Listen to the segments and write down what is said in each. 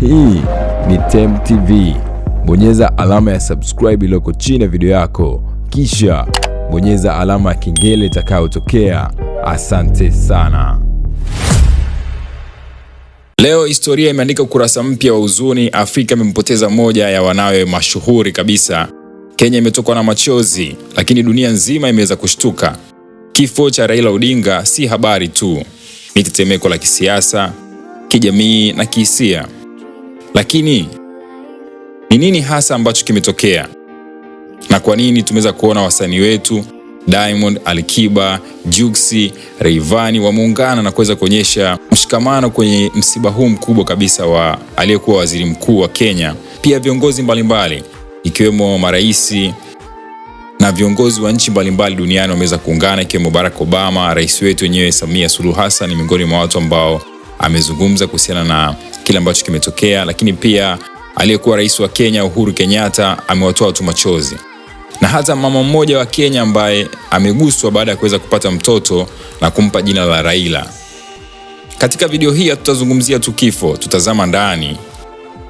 Hii ni Tem TV. Bonyeza alama ya subscribe iliyoko chini ya video yako, kisha bonyeza alama ya kengele itakayotokea. Asante sana. Leo historia imeandika ukurasa mpya wa huzuni. Afrika imempoteza moja ya wanawe mashuhuri kabisa. Kenya imetokwa na machozi, lakini dunia nzima imeweza kushtuka. Kifo cha Raila Odinga si habari tu, ni tetemeko la kisiasa, kijamii na kihisia. Lakini ni nini hasa ambacho kimetokea na kwa nini tumeweza kuona wasanii wetu Diamond, Alikiba, Juksi, Rayvanny wameungana na kuweza kuonyesha mshikamano kwenye msiba huu mkubwa kabisa wa aliyekuwa waziri mkuu wa Kenya. Pia viongozi mbalimbali ikiwemo maraisi na viongozi wa nchi mbalimbali duniani wameweza kuungana, ikiwemo Barack Obama, rais wetu wenyewe Samia Suluhu Hassan, miongoni mwa watu ambao amezungumza kuhusiana na kile ambacho kimetokea, lakini pia aliyekuwa rais wa Kenya Uhuru Kenyatta amewatoa watu machozi na hata mama mmoja wa Kenya ambaye ameguswa baada ya kuweza kupata mtoto na kumpa jina la Raila. Katika video hii hatutazungumzia tu kifo, tutazama ndani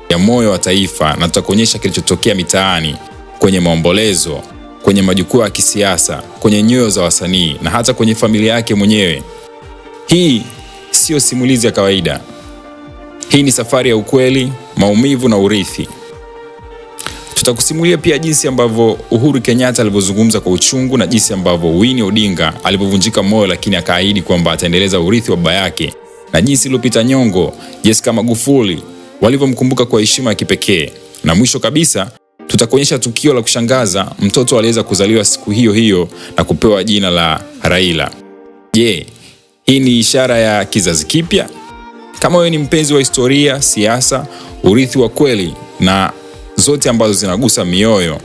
ya moyo wa taifa na tutakuonyesha kilichotokea mitaani, kwenye maombolezo, kwenye majukwaa ya kisiasa, kwenye nyoyo za wasanii na hata kwenye familia yake mwenyewe. Hii sio simulizi ya kawaida. Hii ni safari ya ukweli, maumivu na urithi. Tutakusimulia pia jinsi ambavyo Uhuru Kenyatta alivyozungumza kwa uchungu na jinsi ambavyo Winnie Odinga alivyovunjika moyo, lakini akaahidi kwamba ataendeleza urithi wa baba yake, na jinsi Lupita Nyong'o, Jessica Magufuli walivyomkumbuka kwa heshima ya kipekee, na mwisho kabisa tutakuonyesha tukio la kushangaza, mtoto aliweza kuzaliwa siku hiyo hiyo na kupewa jina la Raila. Je, hii ni ishara ya kizazi kipya. Kama wewe ni mpenzi wa historia, siasa, urithi wa kweli na zote ambazo zinagusa mioyo,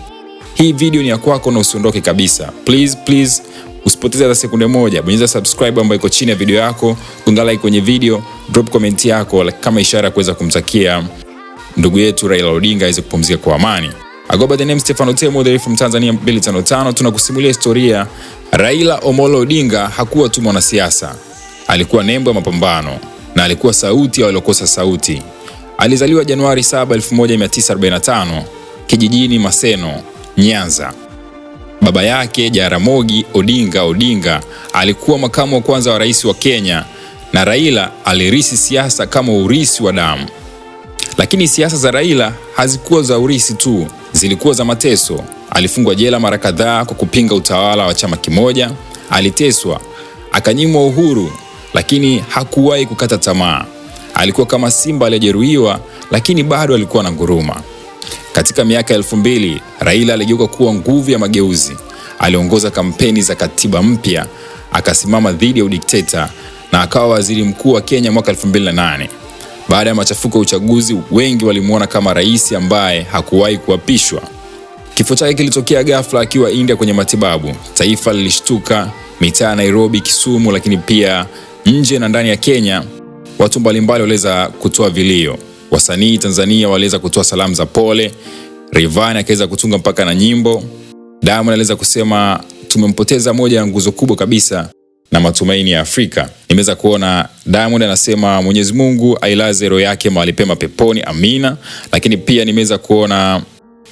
hii video ni ya kwako na usiondoke kabisa. Please, please usipoteze hata sekunde moja, bonyeza subscribe ambayo iko chini ya video yako, gonga like kwenye video, drop comment yako kama ishara ya kuweza kumtakia ndugu yetu Raila Odinga aweze kupumzika kwa amani. I go by the name Stefano Temo the from Tanzania 255. Tunakusimulia historia Raila Omolo Odinga hakuwa tu mwanasiasa Alikuwa nembo ya mapambano na alikuwa sauti ya waliokosa sauti. Alizaliwa Januari 7, 1945 kijijini Maseno, Nyanza. Baba yake Jaramogi Odinga Odinga alikuwa makamu wa kwanza wa rais wa Kenya na Raila alirisi siasa kama urisi wa damu. Lakini siasa za Raila hazikuwa za urisi tu, zilikuwa za mateso. Alifungwa jela mara kadhaa kwa kupinga utawala wa chama kimoja, aliteswa, akanyimwa uhuru lakini hakuwahi kukata tamaa. Alikuwa kama simba aliyejeruhiwa, lakini bado alikuwa na nguruma. Katika miaka elfu mbili Raila aligeuka kuwa nguvu ya mageuzi. Aliongoza kampeni za katiba mpya, akasimama dhidi ya udikteta na akawa waziri mkuu wa Kenya mwaka 2008. Baada ya machafuko ya uchaguzi, wengi walimwona kama rais ambaye hakuwahi kuapishwa. Kifo chake kilitokea ghafla akiwa India kwenye matibabu. Taifa lilishtuka, mitaa ya Nairobi, Kisumu, lakini pia Nje na ndani ya Kenya, watu mbalimbali waliweza kutoa vilio. Wasanii Tanzania waliweza kutoa salamu za pole. Rayvanny akaweza kutunga mpaka na nyimbo. Diamond aliweza kusema tumempoteza moja ya nguzo kubwa kabisa na matumaini ya Afrika. Nimeweza kuona Diamond anasema Mwenyezi Mungu ailaze roho yake mahali pema peponi, amina. Lakini pia nimeweza kuona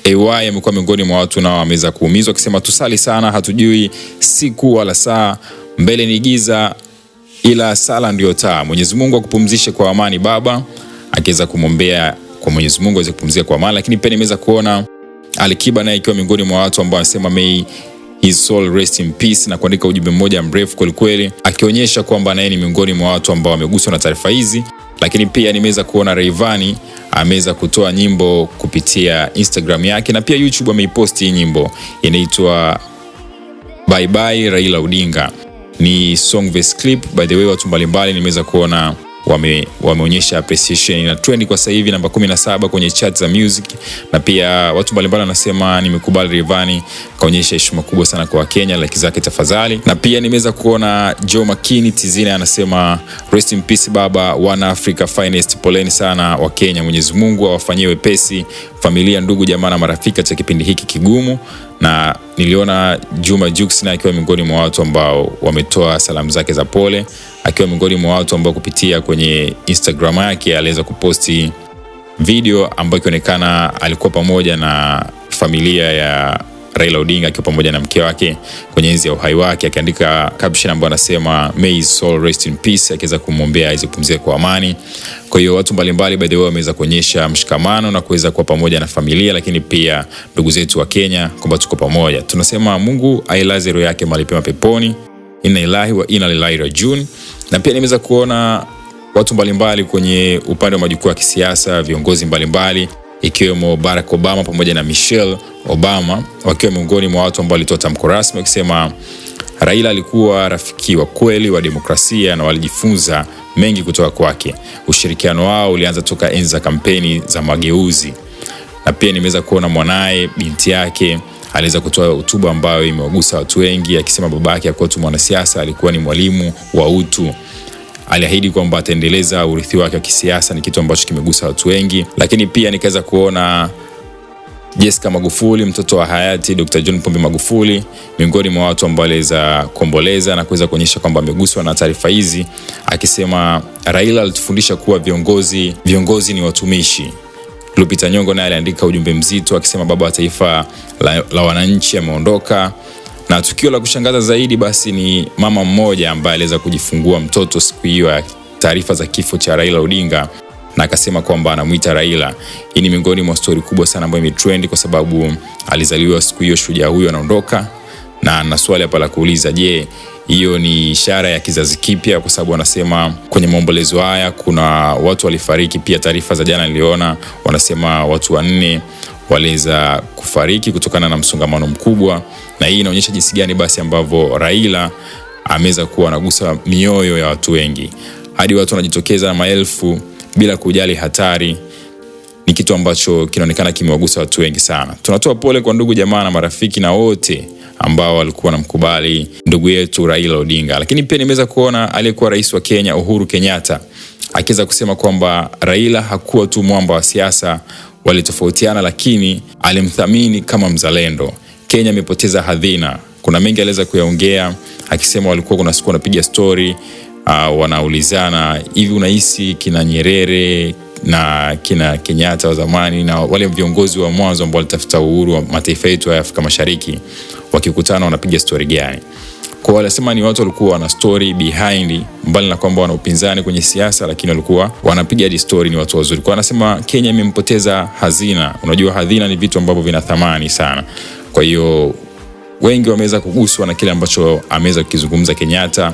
AY amekuwa miongoni mwa watu nao ameweza kuumizwa, akisema tusali sana, hatujui siku wala saa, mbele ni giza ila sala ndiyo taa. Mwenyezi Mungu akupumzishe kwa amani baba, akiweza kumwombea kwa Mwenyezi Mungu aweze kupumzika kwa amani. Lakini pia nimeweza kuona Alikiba naye ikiwa miongoni mwa watu ambao wanasema may his soul rest in peace, na kuandika ujumbe mmoja mrefu kwelikweli, akionyesha kwamba naye ni miongoni mwa watu ambao wameguswa na taarifa hizi. Lakini pia nimeweza kuona Rayvanny ameweza kutoa nyimbo kupitia Instagram yake na pia YouTube ameiposti nyimbo inaitwa Bye Bye Raila Odinga ni Songves clip. By the way, watu mbalimbali nimeweza kuona wame wameonyesha appreciation na trend kwa sasa hivi namba 17 kwenye chart za music, na pia watu mbalimbali wanasema nimekubali Rayvanny kaonyesha heshima kubwa sana kwa Wakenya, like zake tafadhali. Na pia nimeweza kuona Joe Makini Tizina anasema rest in peace baba, one Africa finest, poleni sana Kenya, Mwenyezi Mungu awafanyie wepesi familia, ndugu, jamaa na marafiki katika kipindi hiki kigumu na niliona Juma Jux na akiwa miongoni mwa watu ambao wametoa salamu zake za pole, akiwa miongoni mwa watu ambao kupitia kwenye Instagram yake aliweza kuposti video ambayo ikionekana alikuwa pamoja na familia ya Raila Odinga akiwa pamoja na mke wake kwenye enzi ya uhai wake, akiandika caption ambayo anasema may his soul rest in peace, akiweza kumwombea kupumzika kwa amani. Kwa hiyo watu mbalimbali, by the way, wameweza kuonyesha mshikamano na kuweza kuwa pamoja na familia, lakini pia ndugu zetu wa Kenya kwamba tuko pamoja. Tunasema Mungu ailaze roho yake mahali pema peponi, inna ilahi wa inna ilaihi rajiun. Na pia nimeweza kuona watu mbalimbali kwenye upande wa majukwaa ya kisiasa, viongozi mbalimbali mbali ikiwemo Barack Obama pamoja na Michelle Obama wakiwa miongoni mwa watu ambao walitoa tamko rasmi wakisema Raila alikuwa rafiki wa kweli wa demokrasia na walijifunza mengi kutoka kwake. Ushirikiano wao ulianza toka enzi za kampeni za mageuzi, na pia nimeweza kuona mwanaye, binti yake aliweza kutoa hotuba ambayo imewagusa watu wengi, akisema baba yake hakuwa tu mwanasiasa, alikuwa ni mwalimu wa utu aliahidi kwamba ataendeleza urithi wake wa kisiasa, ni kitu ambacho kimegusa watu wengi, lakini pia nikaweza kuona Jessica Magufuli, mtoto wa hayati Dr. John Pombe Magufuli, miongoni mwa watu ambao aliweza kuomboleza na kuweza kuonyesha kwamba ameguswa na taarifa hizi, akisema Raila alitufundisha kuwa viongozi viongozi ni watumishi. Lupita Nyong'o naye aliandika ujumbe mzito akisema baba wa taifa la, la wananchi ameondoka. Na tukio la kushangaza zaidi basi ni mama mmoja ambaye aliweza kujifungua mtoto siku hiyo ya taarifa za kifo cha Raila Odinga na akasema kwamba anamuita Raila. Hii ni miongoni mwa stori kubwa sana ambayo imetrend kwa sababu alizaliwa siku hiyo, shujaa huyo anaondoka, na na swali hapa la kuuliza, je, hiyo ni ishara ya kizazi kipya? Kwa sababu wanasema kwenye maombolezo haya kuna watu walifariki pia. Taarifa za jana niliona wanasema watu wanne waliweza kufariki kutokana na msongamano mkubwa, na hii inaonyesha jinsi gani basi ambavyo Raila ameweza kuwa anagusa mioyo ya watu wengi hadi watu wanajitokeza maelfu bila kujali hatari. Ni kitu ambacho kinaonekana kimewagusa watu wengi sana. Tunatoa pole kwa ndugu jamaa na marafiki na wote ambao walikuwa wanamkubali ndugu yetu Raila Odinga. Lakini pia nimeweza kuona aliyekuwa rais wa Kenya Uhuru Kenyatta akiweza kusema kwamba Raila hakuwa tu mwamba wa siasa, walitofautiana, lakini alimthamini kama mzalendo. Kenya amepoteza Hadhina. Kuna mengi aliweza kuyaongea, akisema walikuwa kuna siku wanapiga stori uh, ah, wanaulizana hivi, unahisi kina Nyerere na kina Kenyatta wa zamani na wale viongozi wa mwanzo ambao walitafuta uhuru wa mataifa yetu ya Afrika Mashariki wakikutana wanapiga stori gani? Kwa wanasema ni watu walikuwa wana story behind, mbali na kwamba wana upinzani kwenye siasa, lakini walikuwa wanapiga hadi story, ni watu wazuri. Kwa anasema Kenya imempoteza hazina. Unajua hazina ni vitu ambavyo vina thamani sana, kwa hiyo wengi wameweza kuguswa na kile ambacho ameweza kukizungumza Kenyatta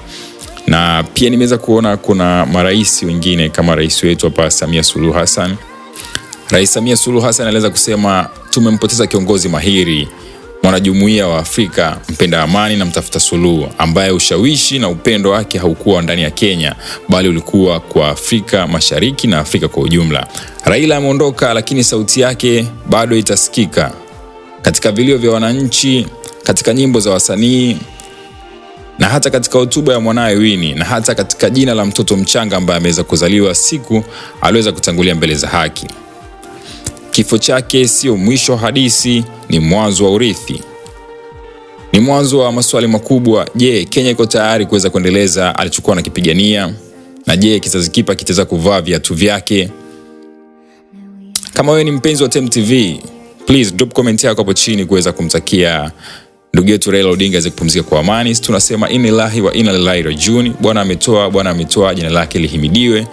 na pia nimeweza kuona kuna marais wengine kama rais wetu hapa Samia Suluhu Hassan. Rais Samia Suluhu Hassan aliweza kusema tumempoteza kiongozi mahiri mwanajumuiya wa Afrika mpenda amani na mtafuta suluhu, ambaye ushawishi na upendo wake haukuwa ndani ya Kenya, bali ulikuwa kwa Afrika Mashariki na Afrika kwa ujumla. Raila ameondoka, lakini sauti yake bado itasikika katika vilio vya wananchi, katika nyimbo za wasanii na hata katika hotuba ya mwanawe Winnie na hata katika jina la mtoto mchanga ambaye ameweza kuzaliwa siku aliweza kutangulia mbele za haki. Kifo chake sio mwisho wa hadithi, ni mwanzo wa urithi, ni mwanzo wa maswali makubwa. Je, Kenya iko tayari kuweza kuendeleza alichokuwa anakipigania? Na je, kizazi kipa kitaweza kuvaa viatu vyake? Kama wewe ni mpenzi wa Temu TV, please drop comment yako hapo chini kuweza kumtakia ndugu yetu Raila Odinga aweze kupumzika kwa amani. Tunasema inna lillahi wa inna ilaihi rajiun. Bwana ametoa, Bwana ametoa, jina lake lihimidiwe,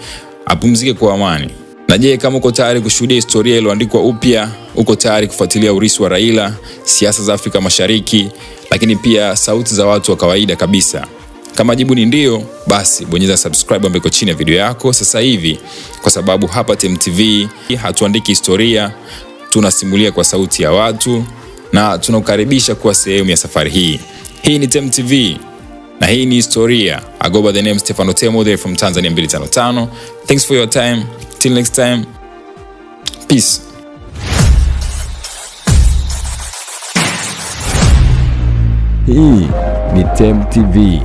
apumzike kwa amani. Na je, kama uko tayari kushuhudia historia iliyoandikwa upya, uko tayari kufuatilia urithi wa Raila, siasa za Afrika Mashariki, lakini pia sauti za watu wa kawaida kabisa? Kama jibu ni ndio, basi bonyeza subscribe ambako chini ya video yako sasa hivi, kwa sababu hapa TemuTV hatuandiki historia, tunasimulia kwa sauti ya watu, na tunakukaribisha kuwa sehemu ya safari hii. Hii ni TemuTV na hii ni historia. I go by the name Stefano Temu there from Tanzania 255. Thanks for your time. Till next time, peace. Hii ni tem TV.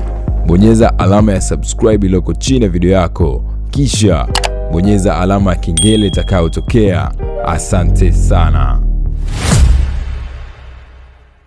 Bonyeza alama ya subscribe iliyoko chini ya video yako, kisha bonyeza alama ya kengele itakayotokea. Asante sana.